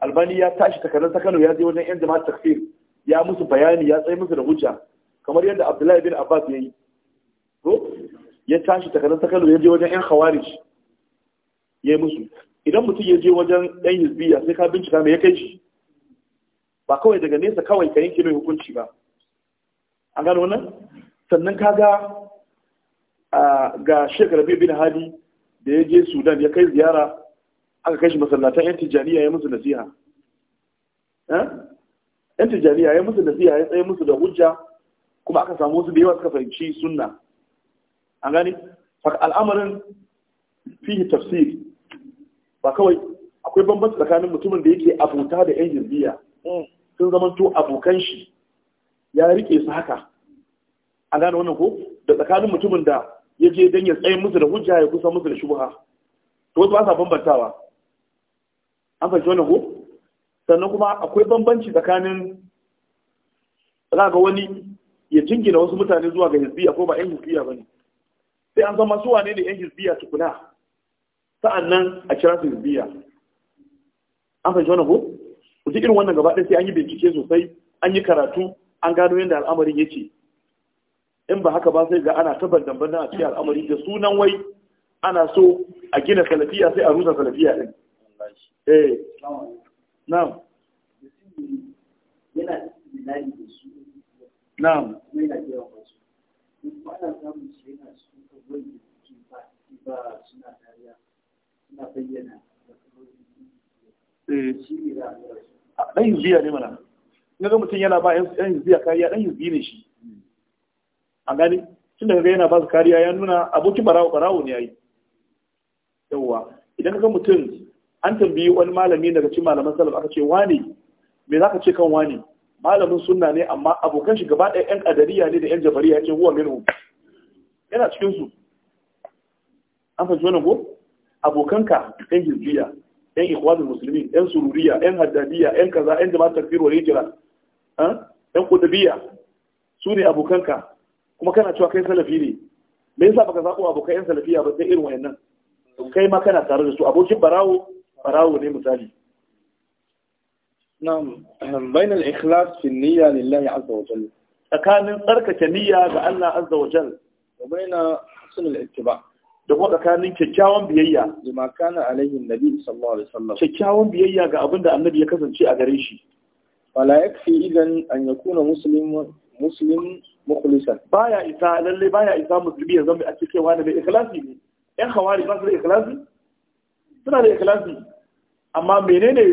albani ya tashi takardar ta kano ya je wajen yan jama'ar takfir ya musu bayani ya tsaye musu da hujja kamar yadda abdullahi bin abbas ya yi ko ya tashi takardar ta kano ya je wajen yan khawarij ya yi musu idan mutum ya je wajen yan hizbiya sai ka bincika me ya kai shi ba kawai daga nesa kawai ka yanke mai hukunci ba an gano nan, sannan ka ga shekara biyu bin hadi da ya je sudan ya kai ziyara aka kai shi masallatan yan tijjaniya ya musu nasiha eh? yan tijjaniya ya musu nasiha ya tsaye musu da hujja kuma aka samu wasu da yawa suka fahimci sunna an gani al'amarin fihi tafsiri ba kawai akwai bambanci tsakanin mutumin da yake abuta da yan jirbiya mm. sun zamanto abokan shi ya rike su haka A gane wannan ko da tsakanin mutumin da ya je don ya tsaye musu da hujja ya kusa musu da shubuha to wasu ba sa bambantawa an fahimci wannan ko sannan kuma akwai bambanci tsakanin za ga wani ya jingina wasu mutane zuwa ga hizbiya ko ba yan hizbiya ba ne sai an zama su wane ne yan hizbiya tukuna nan a kira su hizbiya an fahimci wannan ko ku ji irin wannan gaba sai an yi bincike sosai an yi karatu an gano yadda al'amarin ce. in ba haka ba sai ga ana ta bandan a cikin al'amari da sunan wai ana so a gina salafiya sai a rusa salafiya din eh na'am da su na'am yana da suna bayyana da dan hizbiya ne mana in ga mutum yana ba yan hizbiya kariya dan hizbi ne shi a gani tun daga yana ba su kariya ya nuna abokin barawo barawo ne yayi yawwa idan ka mutum an tambayi wani malami daga cikin malaman salaf aka ce wane me za ka ce kan wane malamin sunna ne amma abokan shi gaba ɗaya yan adariya ne da yan jabariya ce huwa minhum yana cikin su an fahimci wannan ko abokanka yan hizbiya yan ikhwanul musulmi yan sururiya yan haddadiya yan kaza yan jama'a takfir wa hijra eh, yan kudabiya su ne abokanka kuma kana cewa kai salafi ne me yasa baka zaɓo abokan ƴan salafiya ba sai irin wayannan kai ma kana tare da su abokin barawo barawo ne misali na'am bain al-ikhlas fi niyya lillahi azza wa jalla tsakanin tsarkake niyya ga Allah azza wa jalla wa ittiba da kuma tsakanin kyakkyawan biyayya lima kana alaihi nabi sallallahu alaihi wasallam kyakkyawan biyayya ga abin da annabi ya kasance a gare shi wala yakfi idan an yakuna muslim muslim mukhlisan baya isa lalle baya isa musulmi ya zama a cikin wani mai ikhlasi ne yan hawari ba su da ikhlasi suna da ikhlasi amma menene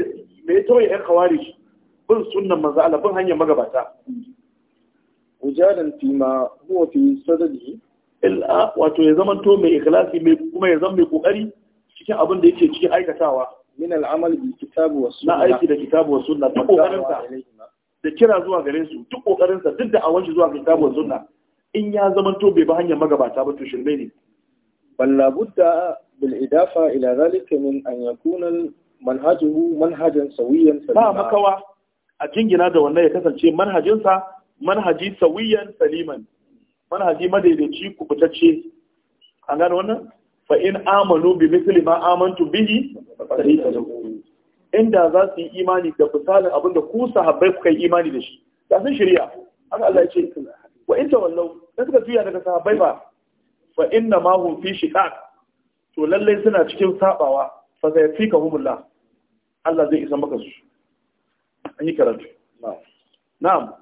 me ya yan hawari bin sunnan manzo Allah bin hanyar magabata wujadan ma huwa fi sadrihi wato ya zama to mai ikhlasi mai kuma ya zama mai kokari cikin abin da yake cikin aikatawa min al'amal bi kitabi was sunna na aiki da kitabu was sunna duk kokarin sa da kira zuwa gare su duk kokarin sa duk da awanci zuwa kitabu was sunna in ya zama to bai ba hanyar magabata ba to shirme ne balla budda bil idafa ila zalika min an yakuna manhajuhu manhajan sawiyan salima ba makawa a jingina da wannan ya kasance manhajinsa manhaji sawiyan saliman manhaji madaidaici ku kubutacce an gane wannan fa in amanu bi mithli ma amantu bihi inda za su yi imani da misalin abinda ku sahabbai kuka yi imani da shi da sun shirya haka Allah ya ce wa in tawallau da suka juya daga sahabbai ba fa inna ma hum fi shiqaq to lallai suna cikin sabawa fa sayfikahumullah Allah zai isa maka su an yi karatu na'am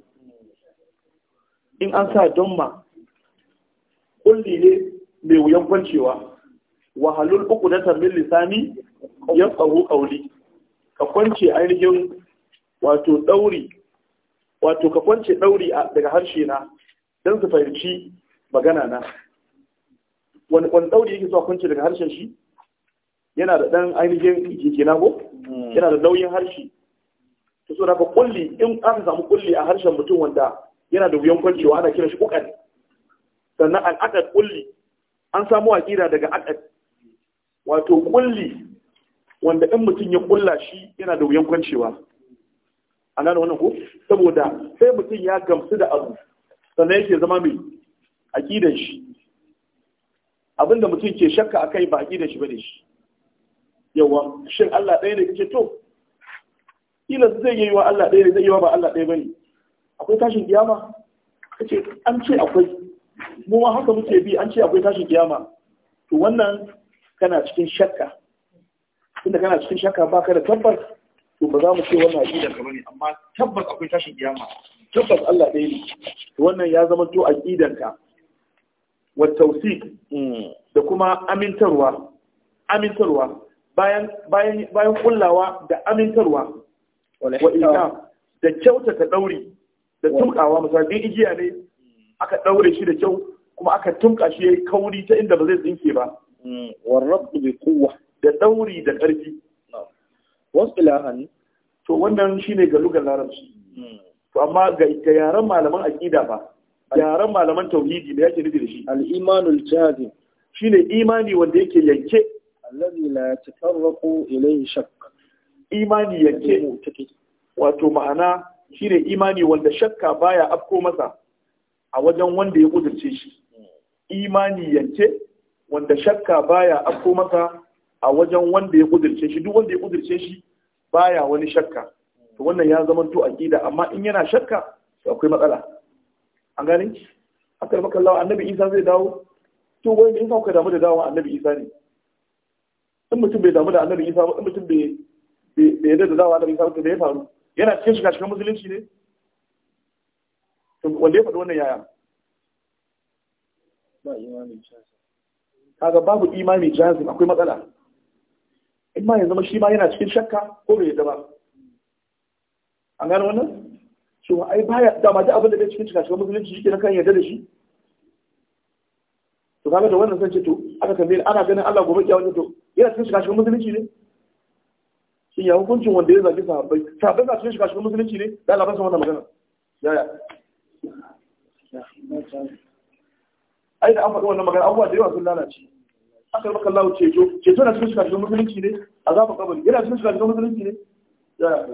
in an sa damma kulli ne mai wuyan kwancewa wahalul uku na tambin lisani ya tsawo kauli ka kwance ainihin wato dauri wato ka kwance dauri daga harshe na don su fahimci magana na wani wani dauri yake zuwa kwance daga harshen shi yana da dan ainihin jike na ko hmm. yana da nauyin harshe to so da ka kulli in an samu kulli a harshen mutum wanda yana da wuyan kwancewa ana kira shi ƙoƙari sannan al'akad ƙulli an samu aƙida daga akad wato ƙulli wanda in mutum ya ƙulla shi yana da wuyan kwancewa an gane wannan ko saboda sai mutum ya gamsu da abu sannan yake zama mai aƙidan shi abinda mutum ke shakka a kai ba aƙidan shi ba ne shi yawa shin Allah ɗaya ne kake to kila zai yi wa Allah ɗaya ne zai yi wa ba Allah ɗaya ba ne akwai tashin kiyama ce an ce akwai mu ma haka muke bi an ce akwai tashin kiyama to wannan kana cikin shakka tunda kana cikin shakka ba ka da tabbas to ba za mu ce wannan aqida ka bane amma tabbas akwai tashin kiyama tabbas Allah ɗaya ne to wannan ya zama to aqidan ka wa tawsik mm, da kuma amintarwa amintarwa bayan bayan bayan kullawa da amintarwa wa da kyautata dauri da tumkawa misali igiya ne aka daure shi da kyau kuma aka tumka shi yayi kauri ta inda ba zai tsinke ba mm, warrabu bi quwwa da dauri da karfi wasu ilahan to wannan shine ga lugar larabci mm. to amma ga yaran malaman aqida ba yaran malaman tauhidi ne yake nufi da shi al-imanul jazim shine imani wanda yake yanke allazi la yatafarraqu ilayhi shakk imani yanke wato ma'ana shine imani wanda shakka baya afko masa a wajen wanda ya kudirce shi imani yance wanda shakka baya afko masa a wajen wanda ya kudirce shi duk wanda ya kudirce shi baya wani shakka to wannan ya zama to aqida amma in yana shakka to akwai matsala an gane akar maka Allah annabi Isa zai dawo to wai in ka damu da dawo annabi Isa ne in mutum bai damu da annabi Isa ba in mutum bai bai yarda da dawo annabi Isa ba to da ya faru yana cikin shiga cikin musulunci ne wanda ya faɗi wannan yaya kaga babu imani jazim akwai matsala in ma yanzu zama shi ma yana cikin shakka ko bai yadda ba an gano wannan shi ma ai baya dama da abin da bai cikin shiga cikin musulunci shi ke kan yadda da shi to kaga da wannan sai ce to aka tambaye ana ganin Allah gobe kiyama to yana cikin shiga cikin musulunci ne shin ya hukuncin wanda ya zagi sahabbai sahabbai za su shiga cikin musulunci ne da Allah ba wannan magana yaya ai da an faɗi wannan magana abubuwa da yawa sun lalace akar maka Allah ceto ceto na cikin shiga cikin musulunci ne A azaba kabari yana cikin shiga cikin musulunci ne yaya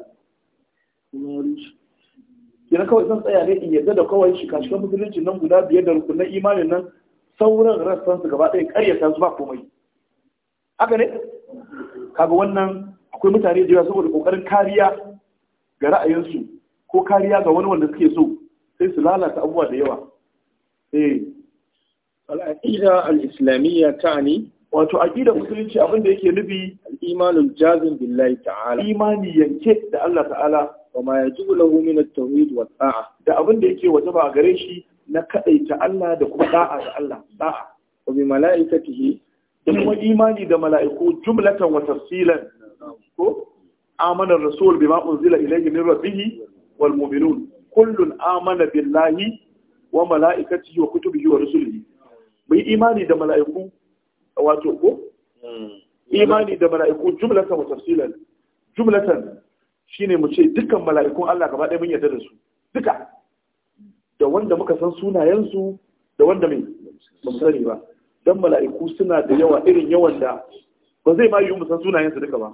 kina kawai zan tsaya ne in yadda da kawai shiga cikin musulunci nan guda biyar da rukunan imanin nan sauran rassan su gaba ɗaya ƙaryata su ba komai haka ne kaga wannan akwai mutane da yawa saboda kokarin kariya ga ra'ayinsu ko kariya ga wani wanda suke so sai su lalata abubuwa da yawa eh al al-islamiyya tani wato aqida musulunci abin da yake nufi al-imanul jazim billahi ta'ala imani yanke da Allah ta'ala wa ma yajibu lahu min at-tauhid wa ta'a da abin da yake wajaba a gare shi na kadaita Allah da kuma da'a ga Allah da'a wa bi mala'ikatihi da kuma imani da mala'iku jumlatan wa tafsilan ko amana ar-rasul bima unzila ilayhi min rabbih wal mu'minun kullun amana billahi wa mala'ikatihi wa kutubihi wa rusulihi bai imani da mala'iku wato ko hmm. imani da mala'iku jumlatan wa tafsilan jumlatan shine mu ce dukkan mala'ikun Allah gaba ɗaya mun yarda da su duka da wanda muka san sunayen su da wanda mai musari ba dan mala'iku suna da yawa irin yawan da ba zai ma yi mu san sunayen su duka ba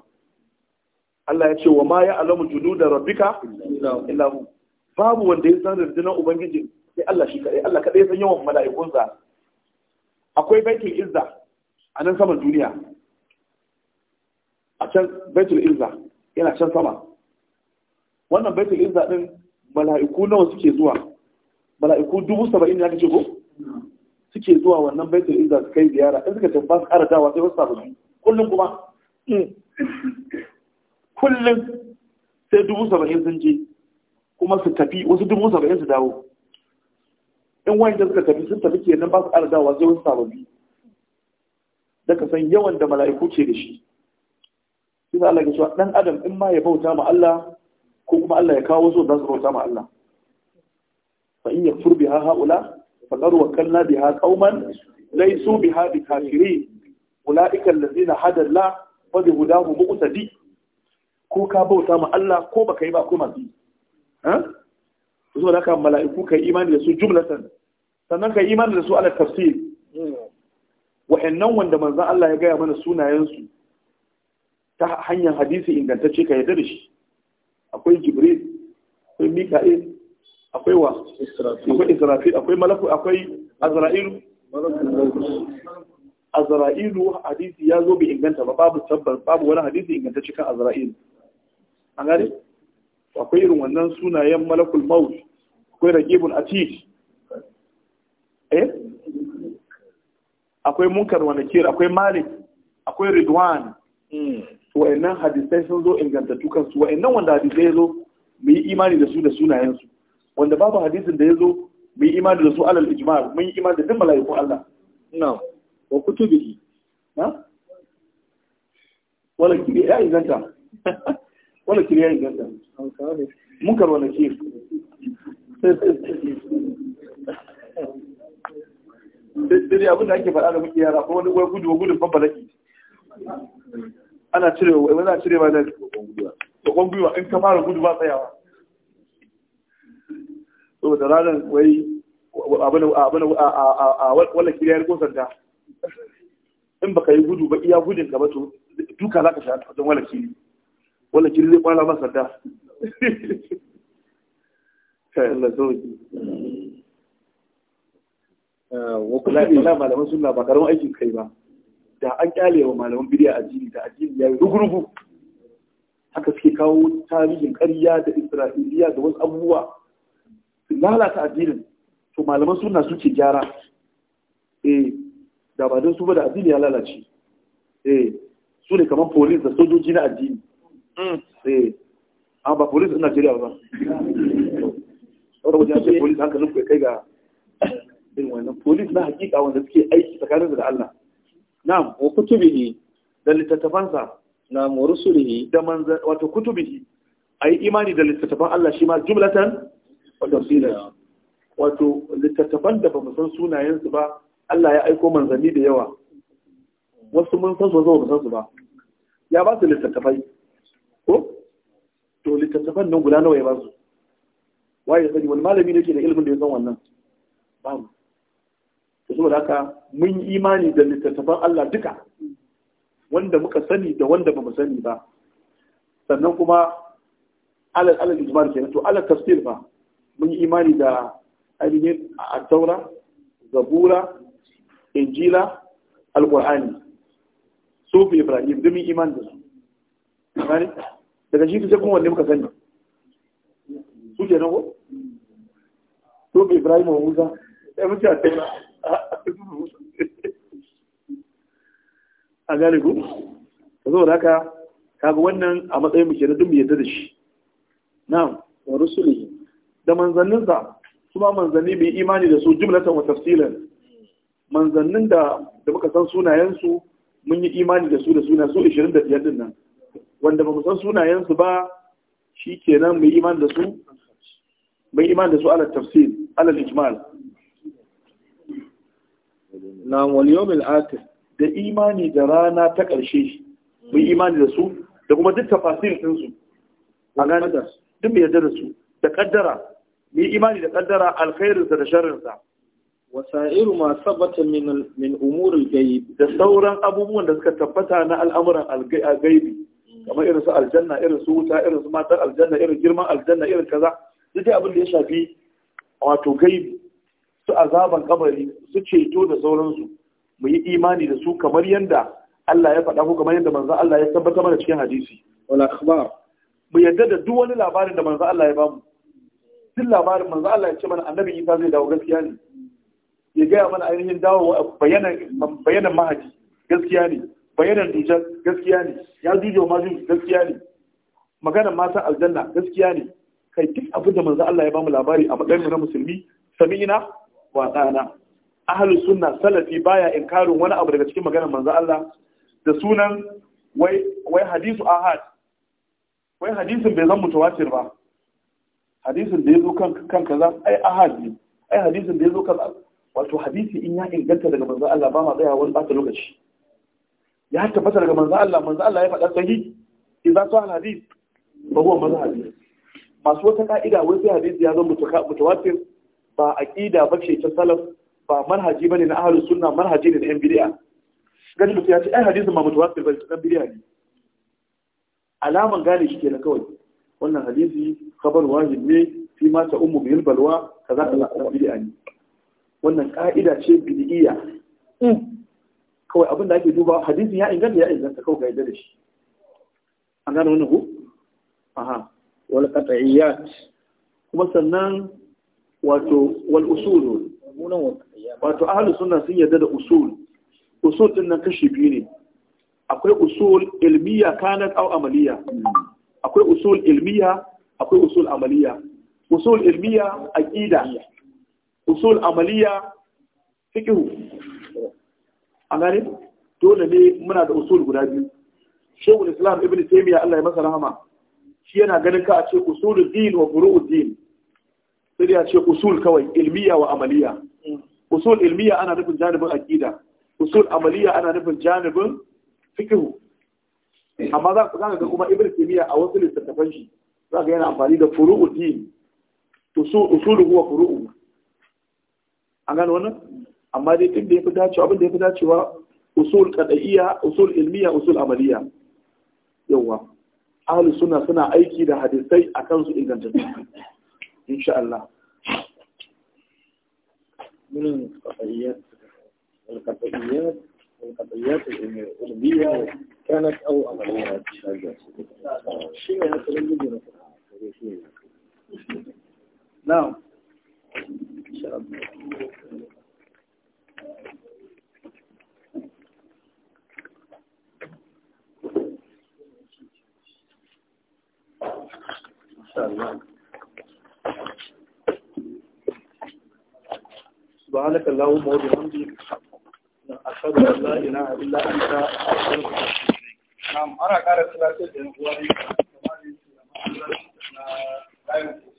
Allah ya ce wa ma ya alamu da rabbika illahu babu wanda ya san rundunar ubangiji sai Allah shi kadai Allah kadai san yawan mala'ikunsa akwai baitul izza a nan saman duniya a can baitul izza yana can sama wannan baitul izza din mala'iku nawa suke zuwa mala'iku dubu saba'in ne aka ce ko suke zuwa wannan baitul izza su kai ziyara in suka tafi karatawa sai wasu sababbi kullum kuma kullum sai dubu saba'in sun je kuma su tafi wasu dubu saba'in su dawo in wani da suka tafi sun tafi kenan ba su ƙara dawa sai wasu sababbi da ka san yawan da mala'iku ce da shi shi za Allah ya cewa ɗan adam in ma ya bauta ma Allah ko kuma Allah ya kawo so za su bauta ma Allah fa in yakfur biha haula faqad wakkalna biha qauman laysu biha bikafirin ulaika allazina hada Allah wa bihudahu muqtadi ko ka bauta ma Allah ko baka yi ba ko masu Ha? zuwa ka mala'iku yi imani da su jumlatan sannan ka yi imani da su ala tafsir wa'annan wanda manzan Allah ya gaya mana sunayensu ta hanyar hadisi ingantacce ka yadda da shi akwai jibril akwai mika'il akwai wa akwai israfil akwai malaku akwai azra'ilu azra'ilu hadisi ya zo bai inganta ba babu tabbas babu wani hadisi ingantacce kan Azra'ilu. an gane akwai irin wannan sunayen malakul maut akwai ragibun atid eh akwai munkar wani kira akwai malik akwai ridwan hmm. wa'annan hadisai sun zo ingantattu kansu wa'annan wanda hadisai ya zo mu yi imani da su da sunayensu wanda babu hadisin da ya zo mu yi imani da su alal ijma mun yi imani da duk mala'ikun Allah na wa kutubihi na wala kibi ya inganta wala kiriya yi ganta munkar wala kir dai abin da ake faɗa da muke yara ko wani wai gudu gudun babbalaki ana cire wani ana cire ba da bakon gwiwa in ka fara gudu ba tsayawa So da ranar wai abin a wala kiriyar gosanta in baka yi gudu ba iya gudun gaba to duka za ka sha don wala kiri wannan kiri zai kwala masa da kai Allah sauki wa kula da malaman sunna ba karon aikin kai ba da an kyale wa malaman bidiya addini da addini ya yi rugurugu haka suke kawo tarihin ƙarya da isra'iliya da wasu abubuwa su lalata addinin to malaman suna suke gyara eh da ba don su ba da addini ya lalace eh su ne kamar polis da sojoji na addini Hmm. eh an ba polis ina Najeriya ba wadda wajen ce polis hankalin ku kai ga bin wannan polis na hakika wanda suke aiki tsakanin da Allah Na na'am kutubi ne da littattafansa na'am wa rusulihi da manzan wato kutubihi ayi imani da littattafan Allah shi ma jumlatan wa tafsila wato littattafan da ba mu san sunayensu ba Allah ya aiko manzanni da yawa wasu mun san su wasu ba san su ba ya ba su littattafai ko to littattafan nan guda nawa ya ba su waye sani wani malami ne da ilimin da ya san wannan Ba mu to saboda haka mun yi imani da littattafan Allah duka wanda muka sani da wanda bamu sani ba sannan kuma alal alal ijmal kenan to alal tafsir ba mun yi imani da ainihin at-taura zabura injila alqur'ani sufi ibrahim dumin iman da su daga shi sai kuma wanne muka sani su ke nago to ke ibrahim wa musa ya eh, mutu a tsaye a gane ku ka zo da haka kaga wannan a matsayin mu kenan duk yadda da shi na wa rusulihi da manzanninsa kuma manzanni mai imani da su jumlatan wa tafsilan manzannin da da muka san sunayensu mun yi imani da su da suna su 25 din nan wanda ba mu san sunayensu ba shi kenan mai yi iman da su mai iman da su ala tafsir ala ijmal na wal yawmil akhir da imani da rana ta ƙarshe mai yi imani da su da kuma duk tafasir din su a gane da duk mu yarda da su da kaddara mai yi imani da kaddara alkhairin da sharrin sa wasairu ma sabata min min gaibi. al-ghaib da sauran abubuwan da suka tabbata na al'amuran al-ghaibi kamar irin su aljanna irin su wuta irin su matar aljanna irin girman aljanna irin kaza duk abin da ya shafi wato gaibi su azaban kabari su ceto da sauransu mu yi imani da su kamar yadda Allah ya faɗa ko kamar yadda manzo Allah ya tabbata mana cikin hadisi wal akhbar mu yadda da duk wani labarin da manzo Allah ya bamu duk labarin manzo Allah ya ce mana annabi Isa zai dawo gaskiya ne ya gaya mana ainihin dawo bayanan bayanan mahadi gaskiya ne bayanan dujal gaskiya ne ya jujo ma gaskiya ne maganar mata aljanna gaskiya ne kai duk abin da manzo Allah ya bamu labari a matsayin na musulmi sami'ina wa tsana ahlus sunna salafi baya inkarin wani abu daga cikin maganar manzo Allah da sunan wai wai hadisu ahad wai hadisin bai zan mutawatir ba hadisin da ya zo kan kan kaza ai ahad ne ai hadisin da ya zo kan wato hadisi in ya inganta daga manzo Allah ba ma tsaya wani bata lokaci ya tabbata daga manzo Allah manzo Allah ya faɗa sahi idan sa hadis ba huwa mazhabi masu wata ka'ida wai sai hadisi ya zama mutawatir ba aqida ba ce ta salaf ba manhaji bane na ahlus sunna manhaji ne na yan bid'a gani mutum ya ce ai hadisin ma mutawatir bane dan bid'a ne alaman gane shi kenan kawai wannan hadisi khabar wajib ne fi ma ta ummu bil balwa kaza kaza bid'a ne wannan ka'ida ce bid'iyya kawai abin da ake duba hadisi ya inganta ya inganta kawai ka yadda da shi an gano wani ku aha wal qat'iyat kuma sannan wato wal usul wato ahli sunna sun yadda da usul usul din nan kashi biyu ne akwai usul ilmiya kanat aw amaliya akwai usul ilmiya akwai usul amaliya usul ilmiya aqida usul amaliya fiqh A gane dole ne muna da usul guda biyu shehu islam ibn taymiya Allah ya masa rahama shi yana ganin ka a ce usul din wa furu'ud din sai ya ce usul kawai ilmiya wa amaliya usul ilmiya ana nufin janibin aqida usul amaliya ana nufin janibin fiqh amma za ku ga kuma ibn taymiya a wasu littattafan shi za ka yana amfani da furu'ud din usul huwa furu'u an gane wannan amma dai duk da ya fi dacewa abin da ya fi dacewa usul qad'iyya usul ilmiya usul amaliya yawa ahli sunna suna aiki da hadisai akan su ingantattu insha Allah من القطعيات القطعيات القطعيات العلمية كانت أو عمليات نعم الله سبحانك اللهم وبحمدك أشهد أن لا إله إلا أنت نعم أنا قاعد أتلاقي بين أخواني كمان